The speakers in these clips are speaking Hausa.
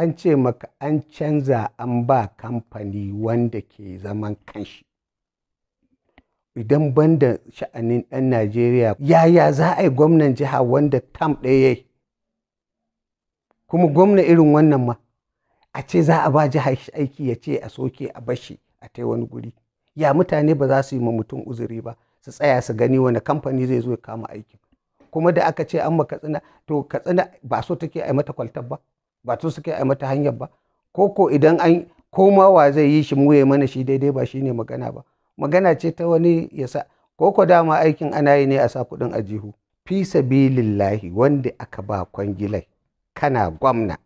an ce maka an canza an ba kamfani wanda ke zaman kanshi idan banda sha'anin ɗan najeriya yaya za a yi gwamnan jiha wanda tam ɗaya ya kuma gwamna irin wannan ma a ce za a ba jihar aiki ya ce a soke a bashi a tai wani guri ya mutane ba za su yi ma mutum uzuri ba su tsaya su gani wani kamfani zai zo ya kama aiki. kuma da aka ce an ma katsina to katsina ba so take a mata kwaltar ba ba to suka yi mata hanyar ba ko ko idan an koma wa zai yi shi muye mana shi daidai ba shine magana ba magana ce ta wani ya sa ko ko dama aikin ana yi ne a sa kuɗin ajihu. jihu fi sabilillahi wanda aka ba kwangilai kana gwamna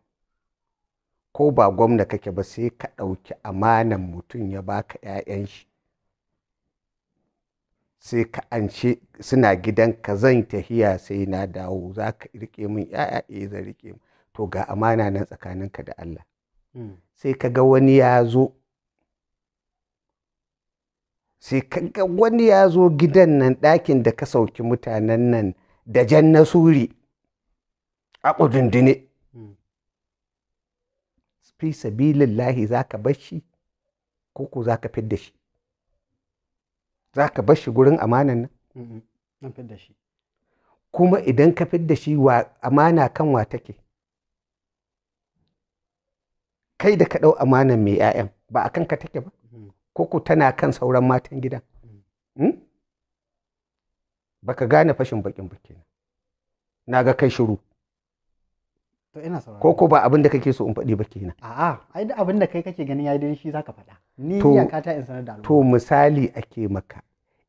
ko ba gwamna kake ba sai ka ɗauki amanan mutum ya baka 'ya'yan shi sai ka ance suna ka zan tahiya sai na dawo za ka riƙe min 'ya'ya eh zan riƙe min to ga amana nan tsakaninka da Allah hmm. sai ka ga wani ya zo sai ka ga wani ya zo gidan nan ɗakin da ka sauki mutanen nan da jan na suri a ƙudundune hmm. fi sabilin lahi za ka bar shi ko ko za ka fidda shi za ka bar shi gurin amanan nan kuma idan ka fidda shi wa amana kan wa take kai da ka ɗau amanan mai ƴaƴan, ba a kanka take ba koko mm. tana kan sauran matan gidan mm. hmm? ka gane fashin bakin baki na ga kai shiru ko ko ba abin da kake so in faɗi ba kenan a'a ai duk abin da kai kake ganin yayi dai shi zaka faɗa ni iyaka ta in sanar da al'umma to misali ake maka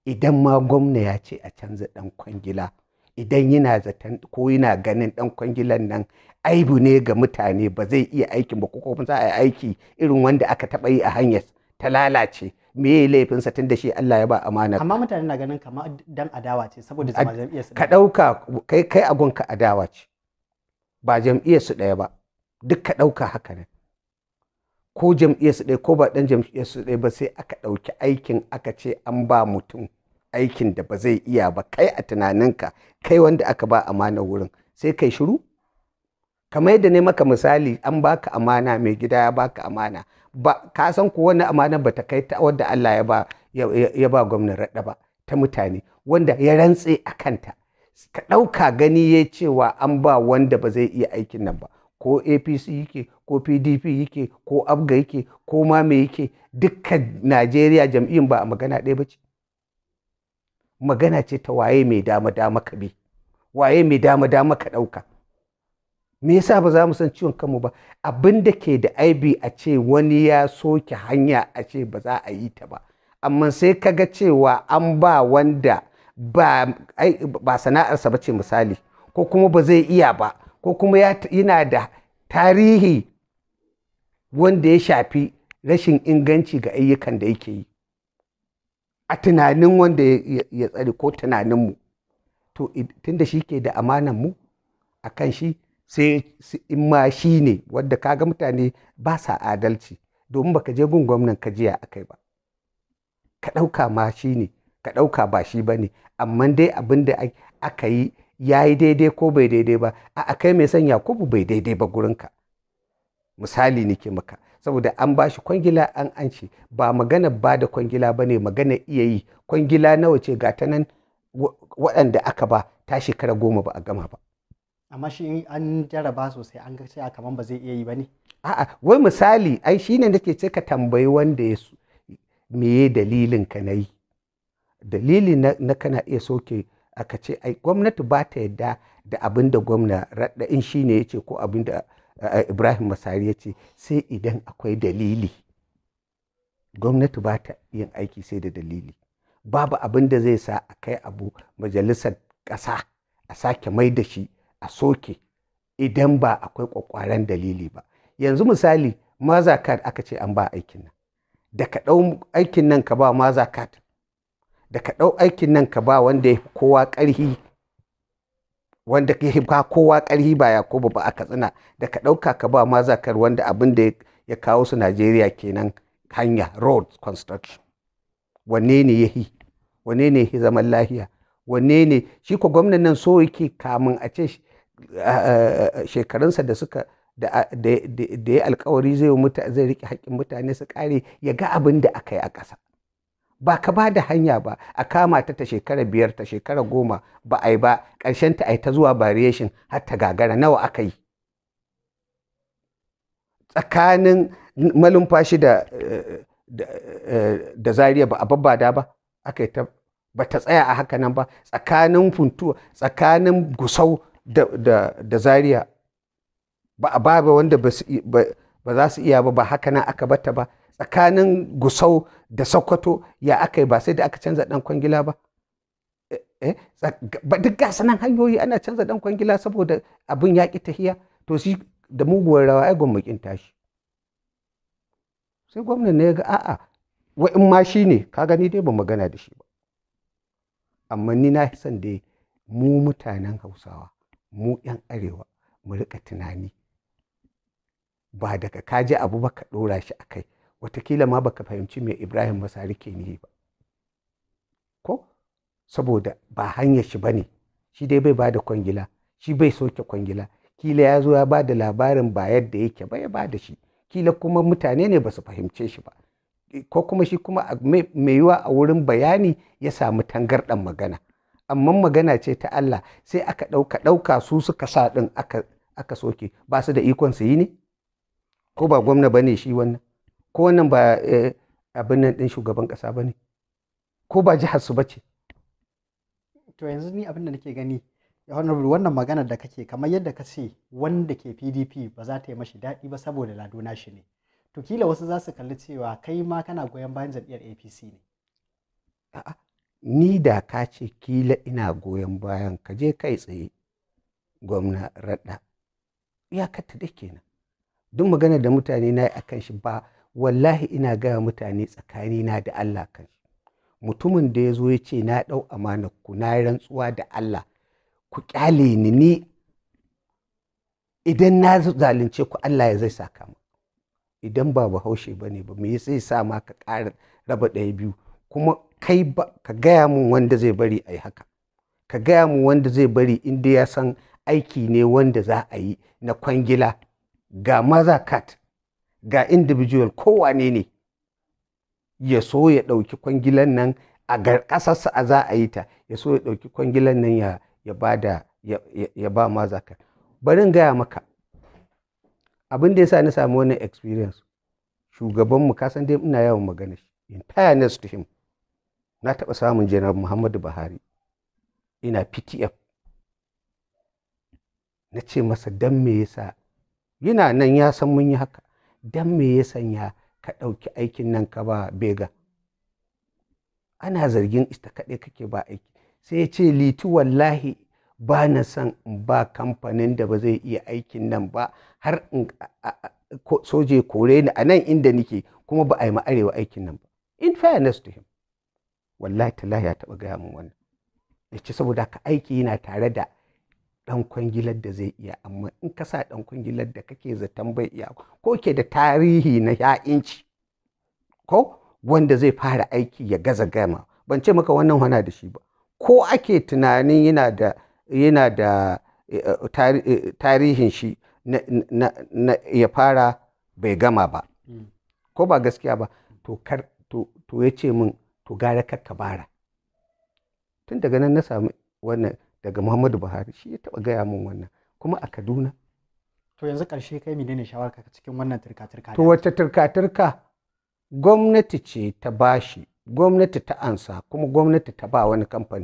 idan ma gwamna ya ce a canza dan kwangila idan yana zaton ko yana ganin ɗan kwangilan nan aibu ne ga mutane ba zai iya aikin ba ko kuma za a yi aiki irin wanda aka taɓa yi a hanyar ta lalace me ya laifinsa tun da shi Allah ya ba amana amma mutane na ganin kamar dan adawa ce saboda zama jam'iyyar su ka dauka kai kai agun ka adawa ce ba jam'iyyar su ɗaya ba duk ka dauka haka ne ko jam'iyyar su ɗaya ko ba dan jam'iyyar su ɗaya ba sai aka dauki aikin aka ce an ba mutum aikin da ba zai iya ba kai a tunaninka kai wanda aka ba amana wurin sai kai shiru kamar yadda ne maka misali an baka amana mai gida ya baka amana ba ka san ko wani amana ba ta kai ta wanda Allah ya ba ya ba gwamnan raɗa ba ta mutane wanda ya rantse a kanta ka ɗauka gani ya cewa an ba wanda ba zai iya aikin nan ba ko apc yake ko pdp yake ko abga yake ko ma me yake dukkan najeriya jam'iyyun ba a magana ɗaya ba ce magana ce ta waye mai dama dama ka bi waye mai dama dama ka ɗauka me yasa ba za mu san ciwon kanmu ba abin da ke da aibi a ce wani ya soke hanya a ce ba za a yi ta ba amma sai ka ga cewa an ba wanda ba, ba sana'arsa ba ce misali ko kuma ba zai iya ba ko kuma yana da tarihi wanda ya shafi rashin inganci ga ayyukan da yake yi a tunanin wanda ya tsare ko tunaninmu to tunda shi ke da amanan mu a kan shi sai in ma shi ne wadda ka ga mutane ba sa adalci domin baka je gun gwamnan ka jiya akai ba ka ɗauka ma shi ne ka ɗauka ba shi ba ne amma dai abin da aka yi ya yi daidai ko bai daidai ba a kai mai son yakubu bai daidai ba gurinka misali nake maka saboda an ba shi kwangila an an ba magana ba da kwangila ba ne magana iya yi kwangila nawa ce ga ta nan waɗanda aka ba ta shekara goma ba a gama ba amma shi an jaraba sosai an ga cewa kamar ba zai iya yi ba ne a'a wai misali ai shi shine nake ce ka tambayi wanda ya meye dalilin ka na yi dalili na kana iya soke aka ce ai gwamnati ba ta yadda da abin da gwamna raɗa in ya ce ko abin da ibrahim masari ya ce sai idan akwai dalili gwamnati ba ta yin aiki sai da dalili babu abin da zai sa a kai abu majalisar ƙasa a sake mai da shi a soke idan ba akwai ƙwaƙwaren dalili ba yanzu misali mazakat aka ce an ba aikin nan da ka ɗau aikin nan ka ba mazakat da ka ɗau aikin nan ka ba wanda ya kowa ƙarfi. wanda yi ba kowa ƙarhi ba ko ba a katsina da ka ɗauka ka ba ma zakar wanda abin da ya kawo su najeriya kenan hanya road construction wanne ne ya yi wanne ne ya zaman lahiya wanne ne shi ko gwamnan nan so yake kamun a ce shekarunsa da suka da ya alkawari zai riƙe haƙƙin mutane su ƙare ya ga abin da aka yi a ƙasa ba ka ba da hanya ba a kama ta ta shekara biyar ta shekara goma ba a yi ba ƙarshen ta a ta zuwa variation har ta gagara nawa aka yi tsakanin malumfashi da eh, da eh, zariya ba a babbada ba aka yi ta ba ta tsaya a haka nan ba tsakanin funtuwa tsakanin gusau da zariya ba a ba wanda ba za su iya ba ba haka nan aka bata ba tsakanin gusau da sokoto ya aka yi ba sai da aka canza dan kwangila ba ba eh, eh, duk gasa nan hanyoyi ana canza dan kwangila saboda abin ya ƙi tahiya to shi da muguwar rawa ai gwamnatin tashi sai gwamnan ne ga a'a wa'in ma shi ne ka gani dai ba magana da shi ba amma ni na san dai mu mutanen hausawa mu 'yan arewa mu rika tunani ba daga kaji abu ba ka ɗora shi akai. watakila ma baka fahimci mai ibrahim masari ke nihi ba ko saboda ba hanyar shi bane shi dai bai ba da kwangila shi bai soke kwangila kila ya zo ya ba da labarin ba yadda yake ba ya ba shi kila kuma mutane ne ba su fahimce shi ba ko kuma shi kuma mai yiwa a wurin bayani ya samu tangarɗan magana amma magana ce ta Allah sai aka ɗauka ɗauka su suka sa ɗin aka soke ba su da ikon su yi ne ko ba gwamna ba ne shi wannan ko wannan ba eh, abin nan ɗin shugaban ƙasa ba ne ko ba jihar su ba ce to yanzu ni abin da nake gani honorable wannan magana da kake kamar yadda ka ce wanda ke pdp ba za ta yi mashi daɗi ba saboda lado shi ne to kila wasu za su kalli cewa kai ma kana goyon bayan jam'iyyar apc ne a'a ni da ka ce kila ina goyon bayan ka je kai tsaye gwamna raɗa iyakata da kenan duk magana da mutane na yi akan shi ba wallahi ina gaya mutane tsakanina da Allah kan mutumin da ya zo ya ce na ɗau amanar ku na rantsuwa da Allah ku ƙyale ni ni idan na zalunce ku Allah ya zai saka mu idan ba bahaushe ba ne ba me sai sa ma ka ƙara raba ɗaya biyu kuma kai ba ka gaya mun wanda zai bari a yi haka ka gaya mun wanda zai bari inda ya san aiki ne wanda za a yi na kwangila ga maza kat ga individual kowane ne ya so ya ɗauki kwangilan nan a ƙasarsa a za a yi ta ya so ya ɗauki kwangilan nan ya, ba da ya, ba ma zaka barin gaya maka abin da ya sa na sami wannan experience shugabanmu kasan dai ina yawan magana shi in fairness to him na taɓa samun general muhammadu buhari ina ptf na ce masa dan me yasa yana nan ya san mun yi haka don me ya sanya ka ɗauki aikin nan ka ba bega ana zargin ita kaɗai kake ba aiki sai ya ce litu wallahi ba na son ba kamfanin da ba zai iya aikin nan ba har in soje kore ni a nan inda nike kuma ba a yi ma'arewa aikin nan ba in fairness to him wallahi ta ya taɓa gaya min wannan ya ce saboda ka aiki yana tare da Ɗan kwangilar da zai iya amma in ka sa dan kwangilar da kake zaton bai iya ko ke da tarihi na ya'inci ko wanda zai fara aiki ya gaza gama ban ce maka wannan hana da shi ba ko ake tunanin yana da eh, eh, eh, tarihin shi na ya fara bai gama ba hmm. ko ba gaskiya ba to kar to ya ce min to gara kar bara tun daga nan na sami wannan daga muhammadu buhari shi ya taɓa gaya min wannan kuma a kaduna to yanzu ƙarshe kai menene shawararka cikin wannan turka-turka to wata turka-turka gwamnati ce ta bashi gwamnati ta ansa kuma gwamnati ta ba wani kamfani